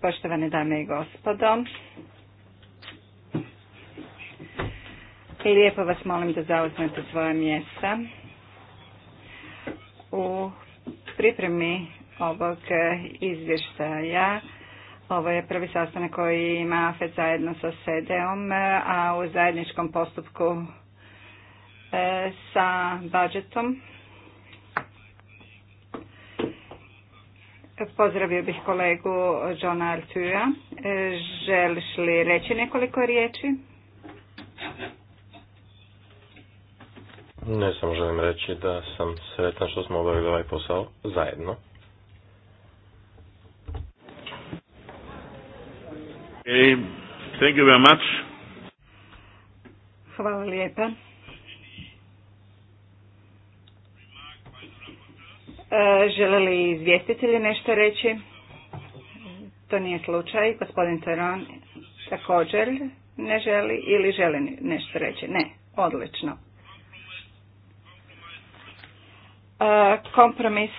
Poštovane dame i gospodo, lijepo vas molim da zauzmete svoje mjesta. U pripremi ovog izvještaja ovo je prvi sastanak koji ima AFED zajedno sa SEDEom, a u zajedničkom postupku e, sa budžetom Pozdravio bih kolegu Johna Artura. E, želiš li reći nekoliko riječi? Ne samo želim reći da sam sretan što smo obavili ovaj posao zajedno. Thank you very much. Hvala lijepa. E, žele li izvjestitelji nešto reći? To nije slučaj. Gospodin Teron također ne želi ili želi nešto reći? Ne. Odlično. E, kompromis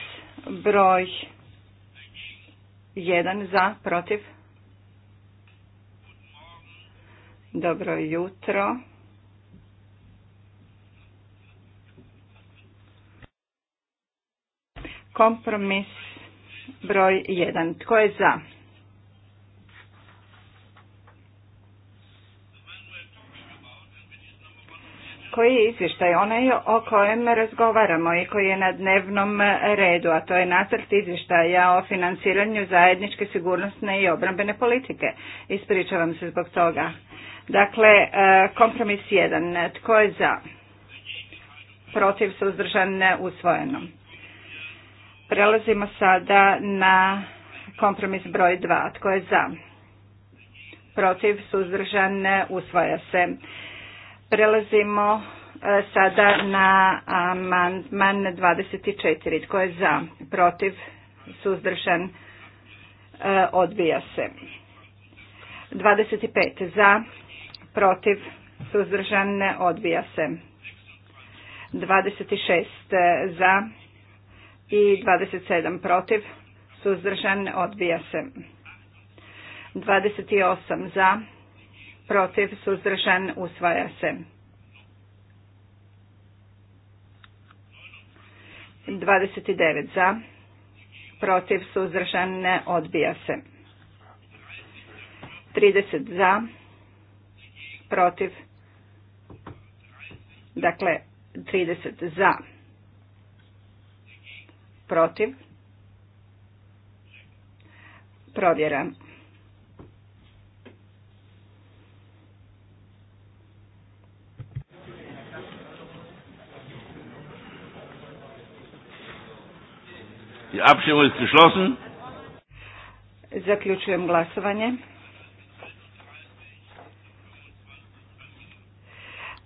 broj 1 za, protiv. Dobro jutro. Kompromis broj jedan. Tko je za? koji je izvještaj, onaj o kojem razgovaramo i koji je na dnevnom redu, a to je nacrt izvještaja o financiranju zajedničke sigurnosne i obrambene politike. Ispričavam se zbog toga. Dakle, e, kompromis jedan. Tko je za? Protiv suzdržan usvojenom. Prelazimo sada na kompromis broj 2. Tko je za? Protiv, suzdržan, usvaja se. Prelazimo e, sada na amandman 24. Tko je za? Protiv, suzdržan, e, odbija se. 25. Za, protiv, suzdržan, odbija se. 26. Za, i 27 protiv, suzdržan, odbija se. 28 za, protiv, suzdržan, usvaja se. 29 za, protiv, suzdržan, ne odbija se. 30 za, protiv, dakle 30 za Protiv? Provjera. Die Abstimmung ist geschlossen. Zaključujem glasovanje.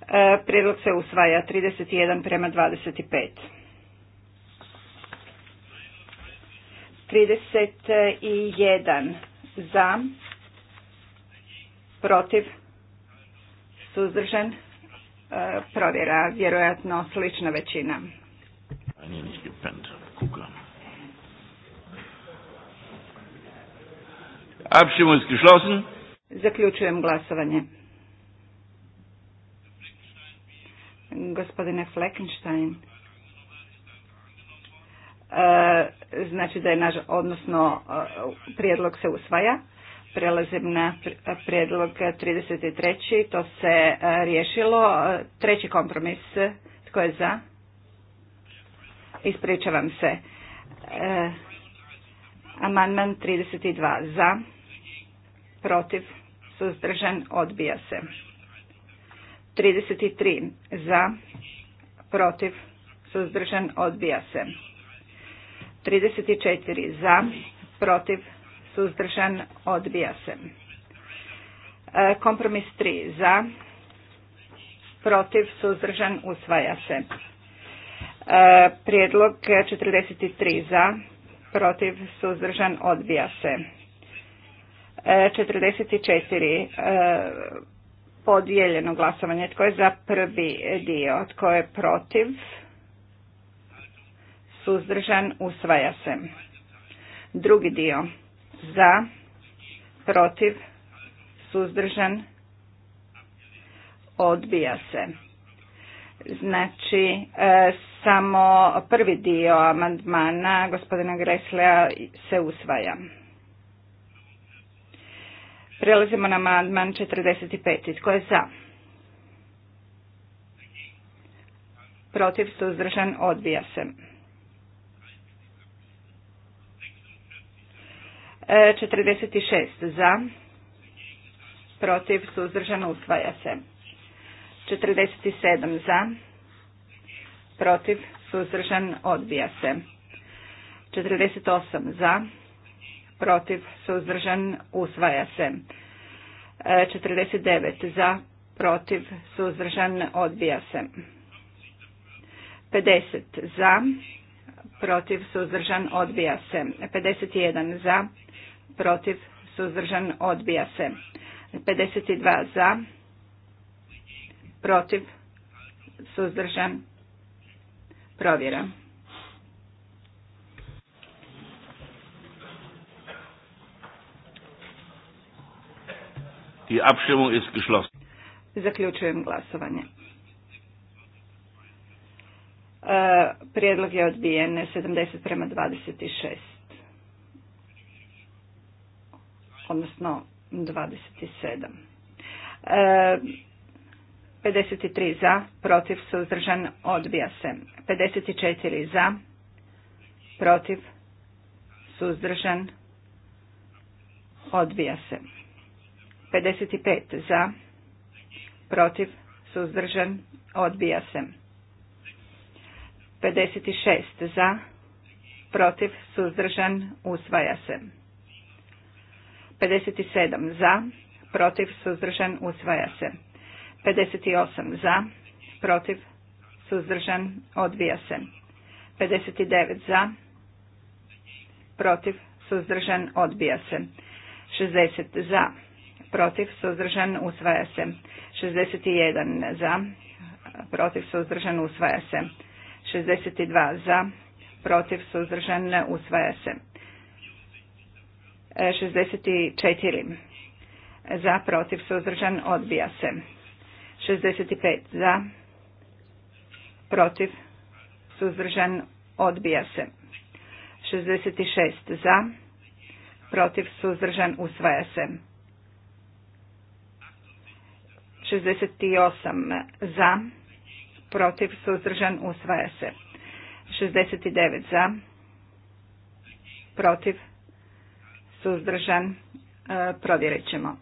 E, prijedlog se usvaja 31 prema 25. 31 za, protiv, suzdržan, e, provjera, vjerojatno slična većina. Zaključujem glasovanje. Gospodine Fleckenstein, znači da je naš, odnosno e, prijedlog se usvaja. Prelazim na prijedlog 33. To se e, riješilo. E, treći kompromis. Tko je za? Ispričavam se. Amandman 32. Za. Protiv. Suzdržan. Odbija se. 33. Za. Protiv. Suzdržan. Odbija se. 34 za, protiv, suzdržan, odbija se. E, kompromis 3 za, protiv, suzdržan, usvaja se. E, prijedlog 43 za, protiv, suzdržan, odbija se. 44 e, podijeljeno glasovanje. Tko je za prvi dio? Tko je protiv? suzdržan, usvaja se. Drugi dio, za, protiv, suzdržan, odbija se. Znači, e, samo prvi dio amandmana gospodina Greslea se usvaja. Prelazimo na amandman 45. Tko je za? Protiv suzdržan odbija se. 46 e, za, protiv, suzdržano, usvaja se. 47 za, protiv, suzdržan, odbija se. 48 za, protiv, suzdržan, usvaja se. 49 e, za, protiv, suzdržan, odbija se. 50 za, protiv, suzdržan, odbija se. 51 za, protiv, suzdržan, odbija se. 52 za, protiv, suzdržan, provjera. Zaključujem glasovanje. E, prijedlog je odbijen 70 prema 26. odnosno 27. 53 e, za, protiv, suzdržan, odbija se. 54 za, protiv, suzdržan, odbija se. 55 za, protiv, suzdržan, odbija se. 56 za, protiv, suzdržan, usvaja se. 57 za, protiv, suzdržan, usvaja se. 58 za, protiv, suzdržan, odbija se. 59 za, protiv, suzdržan, odbija se. 60 za, protiv, suzdržan, usvaja se. 61 za, protiv, suzdržan, usvaja se. 62 za, protiv, suzdržan, usvaja se. 64 e, za, protiv, suzdržan, odbija se. 65 za, protiv, suzdržan, odbija se. 66 za, protiv, suzdržan, usvaja se. 68 za, protiv, suzdržan, usvaja se. 69 za, protiv, suzdržan, e, provjerit ćemo.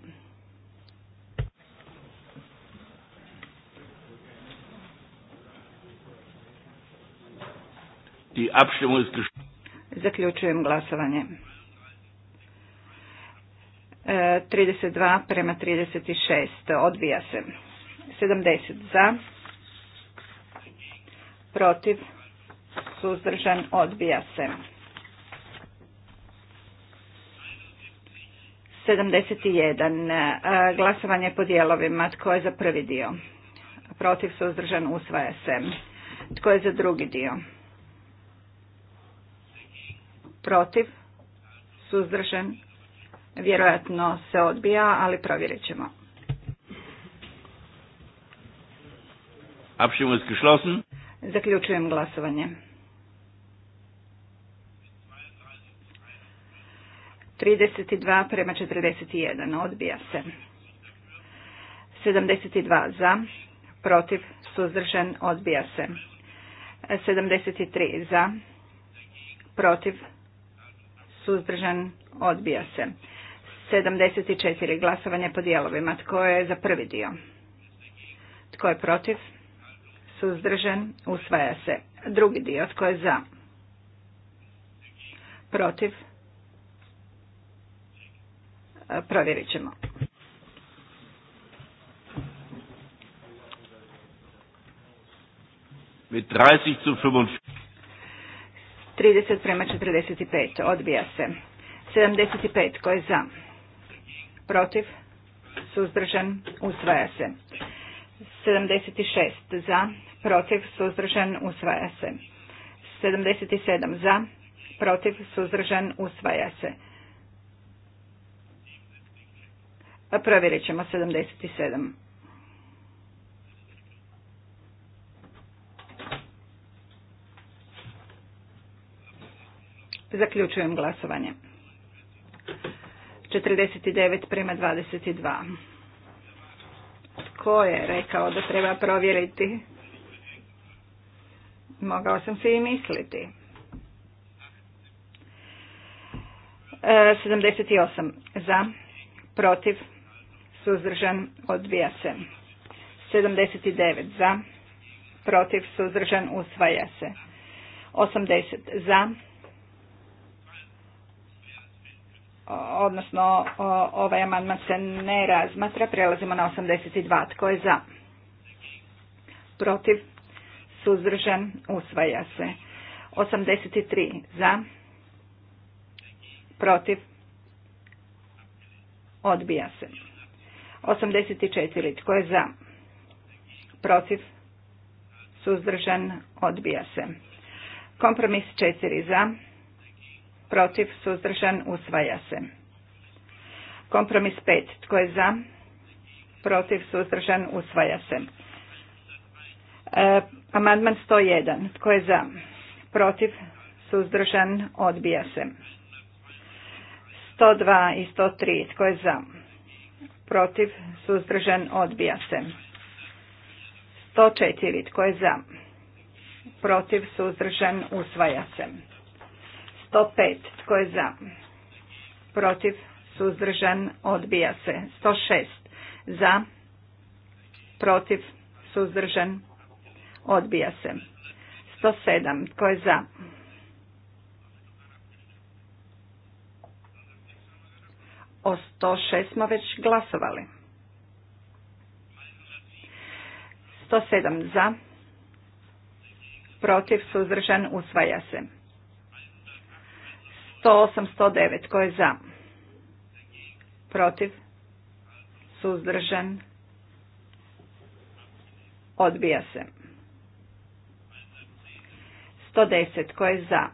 Zaključujem glasovanje. 32 e, prema 36. Odbija se. 70 za. Protiv. Suzdržan. Odbija se. 71. E, glasovanje po dijelovima. Tko je za prvi dio? Protiv suzdržan usvaja se. Tko je za drugi dio? Protiv suzdržan. Vjerojatno se odbija, ali provjerit ćemo. Zaključujem glasovanje. 32 prema 41. Odbija se. 72 za. Protiv. Suzdržan. Odbija se. 73 za. Protiv. Suzdržan. Odbija se. 74. Glasovanje po dijelovima. Tko je za prvi dio? Tko je protiv? Suzdržan. Usvaja se. Drugi dio. Tko je za? Protiv provjerit ćemo. Mit 30 četrdeset 30 prema 45. Odbija se. 75. tko je za? Protiv? Suzdržan? Usvaja se. 76. Za? Protiv? Suzdržan? Usvaja se. 77. Za? Protiv? Suzdržan? Usvaja se. Provjerit ćemo 77. Zaključujem glasovanje. 49 prema 22. Ko je rekao da treba provjeriti? Mogao sam se i misliti. 78 e, za, protiv, suzdržan, odbija se. 79 za, protiv, suzdržan, usvaja se. 80 za, odnosno ovaj amandman se ne razmatra, prelazimo na 82. Tko je za? Protiv, suzdržan, usvaja se. 83 za, protiv, odbija se. 84. Tko je za? Protiv? Suzdržan? Odbija se. Kompromis 4. Za? Protiv? Suzdržan? Usvaja se. Kompromis 5. Tko je za? Protiv? Suzdržan? Usvaja se. Amendment amandman 101. Tko je za? Protiv? Suzdržan? Odbija se. 102 i 103. Tko je za? protiv, suzdržan, odbija se. 104. Tko je za? Protiv, suzdržan, usvaja se. 105. Tko je za? Protiv, suzdržan, odbija se. 106. Za, protiv, suzdržan, odbija se. 107. Tko je za? O 106 smo već glasovali. 107 za. Protiv suzdržan usvaja se. 108, 109. koje za? Protiv? Suzdržan? Odbija se. 110. koje za?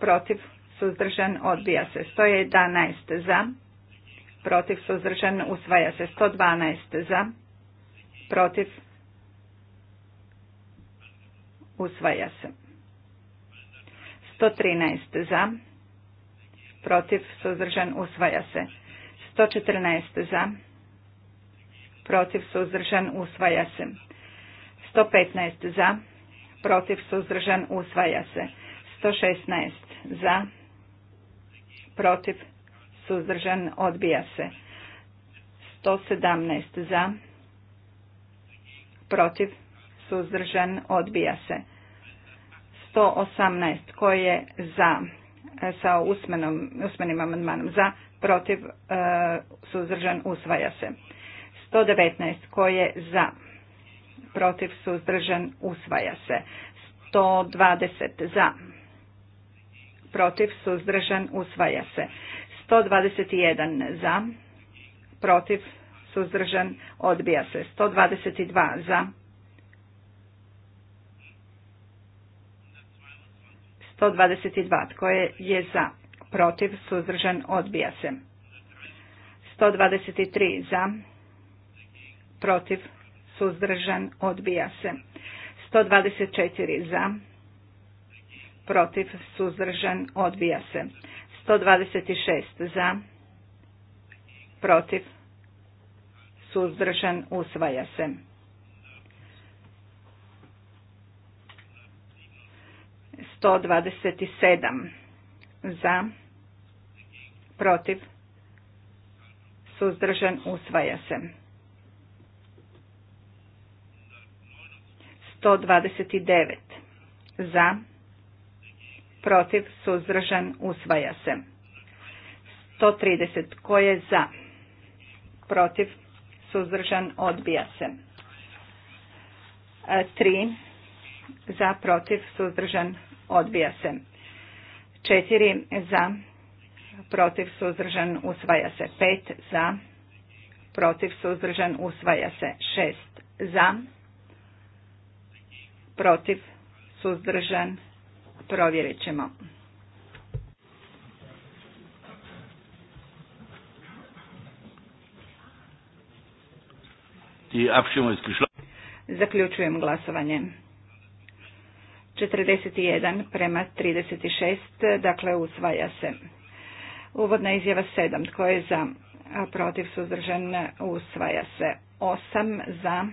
Protiv? suzdržan, odbija se. 111 za, protiv, suzdržan, usvaja se. 112 za, protiv, usvaja se. 113 za, protiv, suzdržan, usvaja se. 114 za, protiv, suzdržan, usvaja se. 115 za, protiv, suzdržan, usvaja se. 116 za, protiv, suzdržan, odbija se. 117 za, protiv, suzdržan, odbija se. 118 koji je za, e, sa usmenom, usmenim amandmanom za, protiv, e, suzdržan, usvaja se. 119 koji je za, protiv, suzdržan, usvaja se. 120 za, protiv, suzdržan, usvaja se. 121 za, protiv, suzdržan, odbija se. 122 za, 122 tko je, je za, protiv, suzdržan, odbija se. 123 za, protiv, suzdržan, odbija se. 124 za, protiv, suzdržan, odbija se. 126 za, protiv, suzdržan, usvaja se. 127 za, protiv, suzdržan, usvaja se. 129 za, protiv, protiv, suzdržan, usvaja se. 130. Tko je za? Protiv, suzdržan, odbija se. 3. E, za, protiv, suzdržan, odbija se. 4. Za, protiv, suzdržan, usvaja se. 5. Za, protiv, suzdržan, usvaja se. 6. Za, protiv, suzdržan, provjerit ćemo. Zaključujem glasovanje. 41 prema 36, dakle usvaja se. Uvodna izjava 7, tko je za, a protiv, suzdržan, usvaja se. 8 za,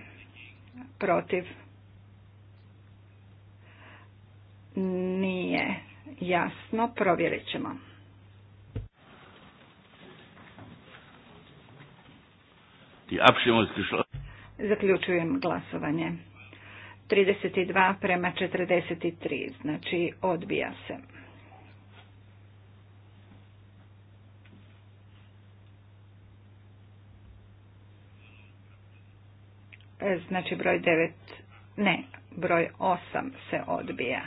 protiv, nije jasno, provjerit ćemo. Zaključujem glasovanje. 32 prema 43, znači odbija se. E, znači broj 9, ne, broj 8 se odbija.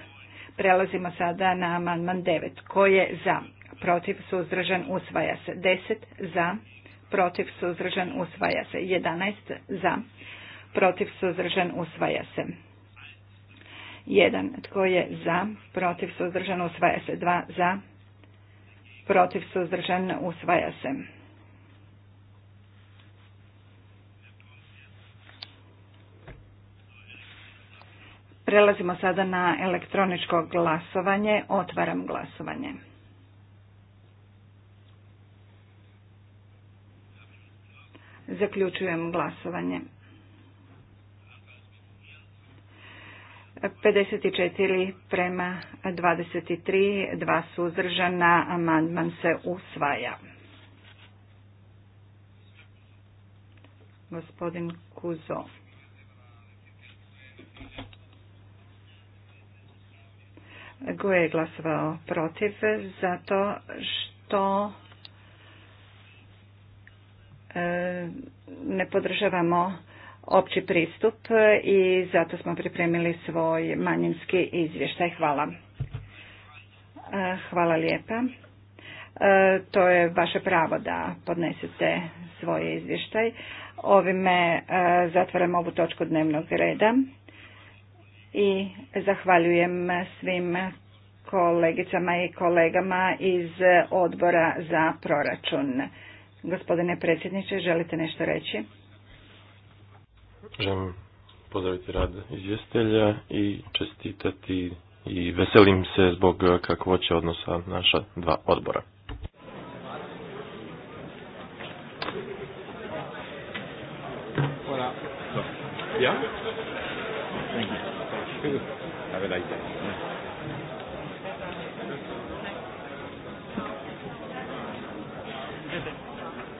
Prelazimo sada na amandman 9. Ko je za? Protiv suzdržan usvaja se. 10 za. Protiv suzdržan usvaja se. 11 za. Protiv suzdržan usvaja se. 1. Tko je za? Protiv suzdržan usvaja se. 2. Za. Protiv suzdržan usvaja se. Prelazimo sada na elektroničko glasovanje. Otvaram glasovanje. Zaključujem glasovanje. 54 prema 23, dva suzdržana, amandman se usvaja. Gospodin Kuzo. Guje je glasovao protiv zato što e, ne podržavamo opći pristup i zato smo pripremili svoj manjinski izvještaj. Hvala. E, hvala lijepa. E, to je vaše pravo da podnesete svoj izvještaj. Ovime zatvaramo ovu točku dnevnog reda i zahvaljujem svim kolegicama i kolegama iz odbora za proračun. Gospodine predsjedniče, želite nešto reći? Želim pozdraviti rad izvjestelja i čestitati i veselim se zbog kakvoće odnosa naša dva odbora have